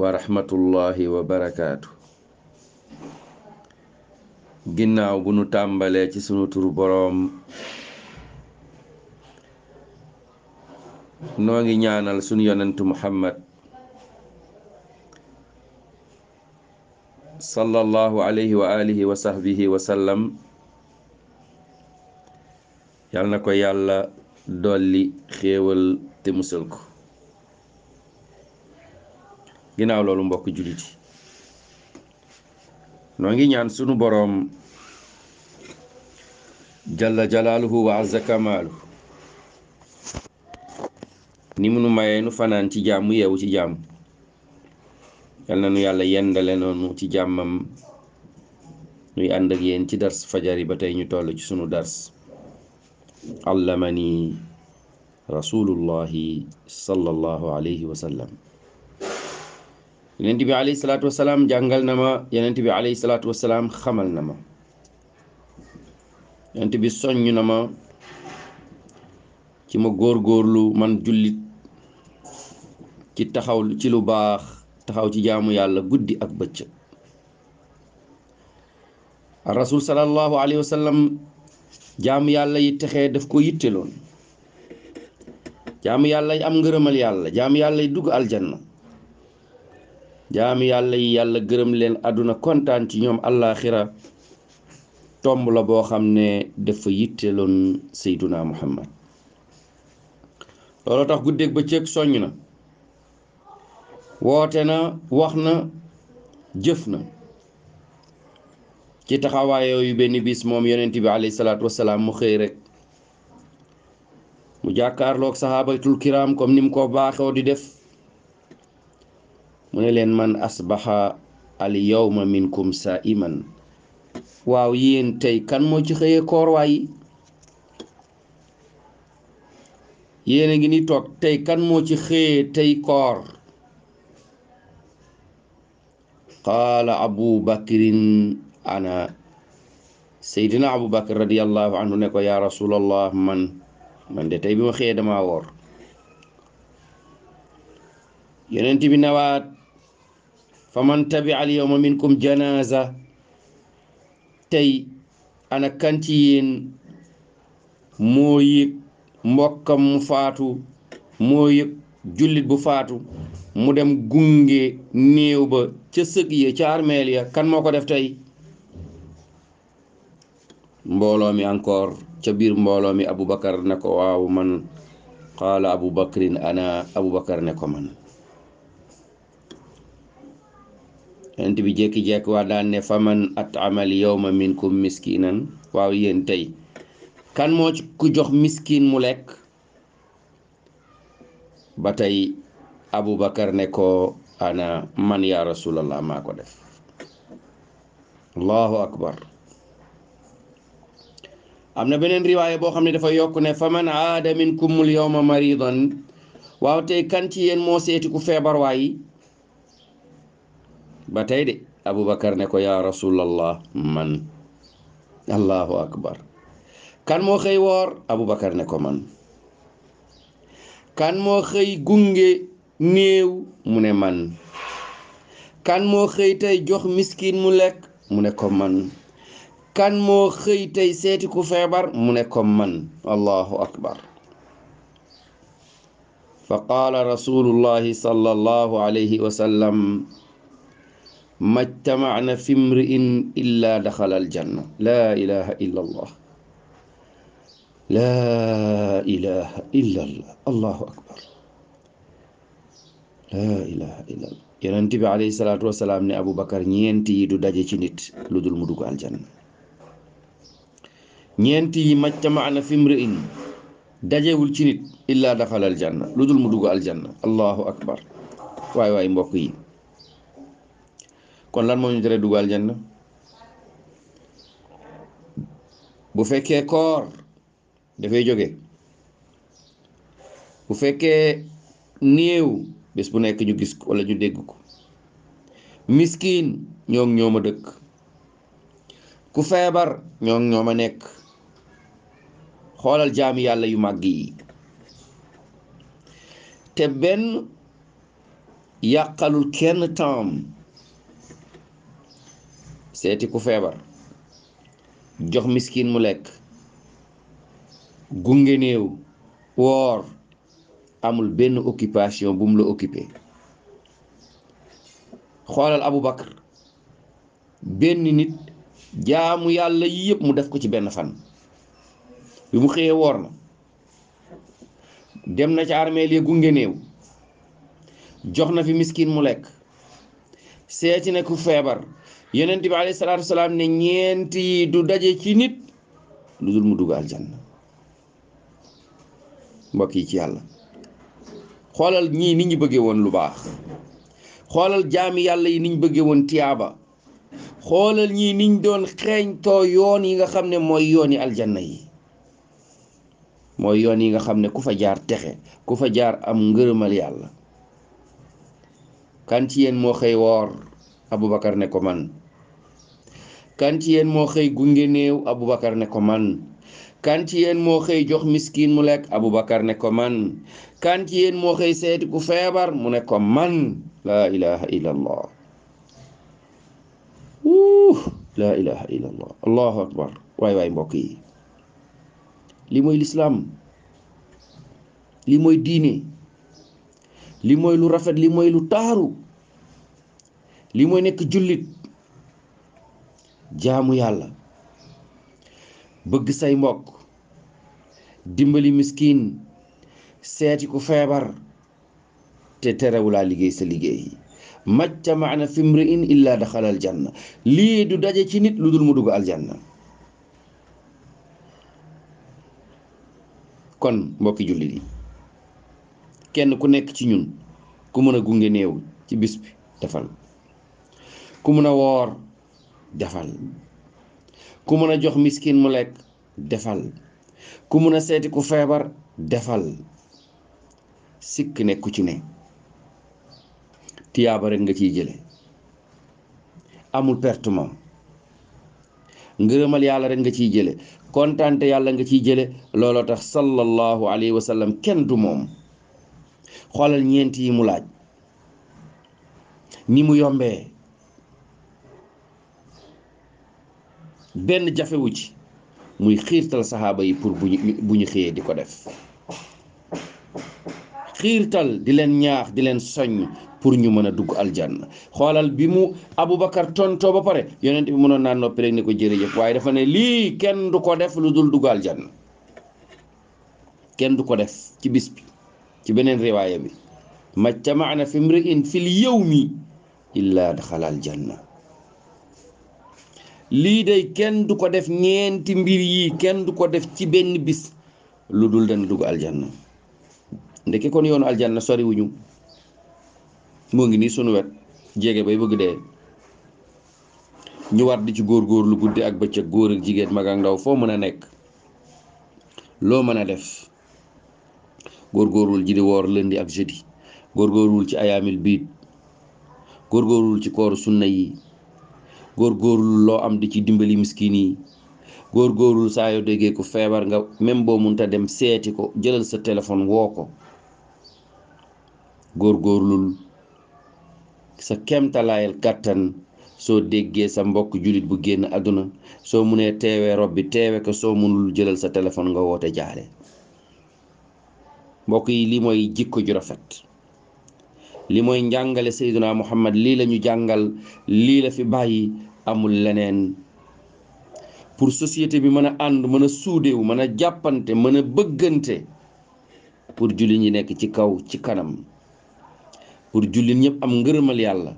wa rahmatullahi wa barakaatu ginnaaw bu nu tàmbalee ci sunu turu boroom noo ngi ñaanal sunu yonentu muhammad sallallahu alayhi wa alihi wa yal na ko yàlla dolli xéewal te musal ko ginnaaw loolu mbokk jullit yi noo ngi ñaan sunu boroom jalla jalaaluhu wa azza ni mu nu mayee nu fanaan ci jàmm yeewu ci jàmm yal na nu yàlla yendale noonu ci jàmmam nuy ànd ak yéen ci dars fajar yi ba tey ñu toll ci sunu dars allamani rasulullahi sallallahu alayhi wa yonent bi alayhi salaatu wasalaam jàngal na ma yonent bi alayhi salaatu wasalaam xamal na ma yonent bi soññ na ma ci ma góorlu man jullit ci taxaw ci lu baax taxaw ci jaamu yàlla guddi ak bëccëg rasul sallallahu alayhi wa sallam jaamu yàlla yi texee daf ko yitteloon jaamu yàlla yi am ngërëmal yàlla jaamu yàlla yi dugg aljana jaami yàlla yi yàlla gërëm leen àdduna kontaan ci ñoom alaaxira tomb la boo xam ne dafa yitteeloon seyduna muhammad loolu tax guddeeg bëccëg soññ na woote na wax na jëf na ci taxawaay yooyu benn bis moom yonent bi alayhi salaatu wasalaam mu xëy rek mu jàkkaarloog saxaabatul kiraam comme ni mu ko baaxoo di def mu ne leen man asbaxa al yawma minkum saiman waaw yéen tey kan moo ci xëyee koor waay yéen a ngi ni toog tey kan moo ci xëyee tey koor qaala abu bakrin ana seydina abu bakr radiallahu anhu ne ko yaa rasulallah man man de tey bi ma xëyee damaa woor yonent bi nawaat fa man tabi al yawma minkum janaza tey ana kan ci moo yëg mbokkam mu faatu moo yëg jullit bu faatu mu dem gunge néew ba ca sëg ya ca armeel ya kan moo ko def tey mbooloo mi encore ca biir mbooloo mi Aboubacar ne ko waaw man qaala Aboubacrin ana Aboubacar ne ko man yonent bi jékki-jékki waa daan ne faman at amal yawma minkum miskinan waaw yéen tey kan moo ku jox miskin mu lekk ba tey Abubakar ne ko ana man yaa rasulallah maa def allahu akbar am na beneen riwaaya bo xam ne dafa yokk ne faman aada minkumul yawma maridan waaw tey kan ci yéen moo seeti ku feebar waayi ba tey de Aboubacar ne ko yaa rasulallah man allahu akbar kan moo xëy woor Aboubacar ne ko man kan moo xëy gunge néew mu ne man kan moo xëy tey jox miskin mu lekk mu ne ko man kan moo xëy tey seeti ku feebar mu ne ko man allahu akbar fa qaala rasulullahi sallallahu alayhi wa majtamaana fi mriin illa daxala aljanna laa ilaha illa allah allah akbar laa ne abu bakar ñeenti yi du daje ci nit lu dul mu dugg aljanna ñeenti yi fi mriin dajewul ci nit illa daxala aljanna lu dul mu dugg aljanna akbar waay waay mbokk yi kon lan moo ñu tere dugal janna bu fekkee koor dafay jóge bu fekkee néew bés bu nekk ñu gis ko wala ñu dégg ko miskin ñoo ngi ñooma dëkk ku feebar ñoom ngi ñooma nekk xoolal jaami yàlla yu màgg yi te benn yàqalul kenn taam seeti ku feebar jox miskin mu lekk gunge néew woor amul benn occupation bu mu la occupé xoolal Abu Bakar benn nit jaamu yàlla yi mu def ko ci benn fan bi mu xëyee woor na dem na ci armeel ya gunge jox na fi miskin mu lekk seeti na ku feebar yonent bi alayhi salaatu wasalaam ne ñeent yi du daje ci nit lu dul mu dugg aljanna mbokk yi ci yàlla xoolal ñii ni ñu bëggee woon lu baax xoolal jaam yàlla yi ni ñu bëggee woon tiyaaba xoolal ñii niñ doon xeeñtoo yoon yi nga xam ne mooy yooni aljanna yi mooy yoon yi nga xam ne ku fa jaar texe ku fa jaar am ngërëmal yàlla kan ci yéen moo xëy woor Abubakar ne ko man kan ci yéen moo xëy gunge néew ne ko man kan moo xëy jox miskin mu lekk Aboubacar ne ko man kan moo xëy seeti ku feebar mu ne ko man laa ilaha illallah wuu laa ilaha illallah allahu akbar waay waay mbokk yi li mooy lislaam li mooy diine li mooy lu rafet li mooy lu taaru li mooy nekk jullit jaamu yàlla bëgg say mbokk dimbali miskin seeti ku feebar te terewulaa liggéey sa liggéey macca maana fimri in illaa daxal aljanna lii du daje ci nit lu dul mu dugg aljanna kon mbokki jullit yi kenn ku nekk ci ñun ku mën a gunge néew ci bis bi defal ku mën woor defal ku mën a jox miskin mu lekk defal ku mën a seeti ku feebar defal sikk ne ku ci ne tiyaaba rek nga ciy jële amul pertement ngërëmal yàlla rek nga ciy jële kontaante yàlla nga ciy jële looloo tax sallallahu alayhi wa kenn du moom xoolal ñeent yi mu laaj ni mu yombe benn jafewu ci muy xiirtal saxaaba yi pour bu ñu xëyee di ko def xiirtal di leen ñaax di leen soññ pour ñu mën a dugg aljanna xoolal bi mu Aboubacar tontoo ba pare yonent bi mënoon naa noppi rek ne ko jërëjëf waaye dafa ne lii kenn du ko def lu dul dugg aljanna kenn du ko def ci bis bi ci beneen riwaaya bi majtamaana fi mri'in fil mi illaa daxala aljanna lii day kenn du ko def ñeenti mbir yi kenn du ko def ci benn bis lu dul dana dugg aljanna ndeke kon yoonu aljanna soriwuñu moo ngi nii sunu wet jege bay bëgg dee ñu war di ci góor-góor lu guddi ak bëccëg góor ak jigéen mag ndaw foo mën a nekk loo mën a def góor-góorul ji di ak jeudi góor-góorul ci ayaamil biit góor-góorul ci kooru sunna yi góorgóorlu loo am di ci dimbali miskin yi góorgóorlu saa yoo déggee ko feebar nga même boo munta dem seeti ko jëlal sa téléphone woo ko góorgóorlul sa kemtalaayal kàttan soo déggee sa mbokk jullit bu génn àdduna soo mënee teewee rob teewe ko soo mënul jëlal sa téléphone nga woote jaale mbokk yi li mooy jikko ju rafet li mooy njàngale Seydina Muhammad lii la jàngal lii la fi bàyyi amul leneen pour société bi mën a ànd mën a suudewu mën a jàppante mën a bëggante pour jullit ñi nekk ci kaw ci kanam pour jullit ñëpp am ngërëmal yàlla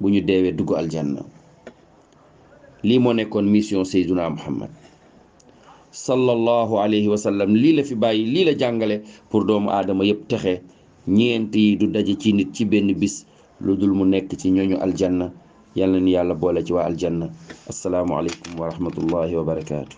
bu ñu deewee dugg aljana lii moo nekkoon mission Seyduna Muhammad sallallahu alayhi wa lii la fi bàyyi lii la jàngale pour doomu aadama yëpp texe ñeent yi du daje ci nit ci benn bis lu dul mu nekk ci ñooñu aljana yàlla na ñu yàlla boole ci waa aljanna asalaamualeykum wa rahmatullahi wa barakaatu.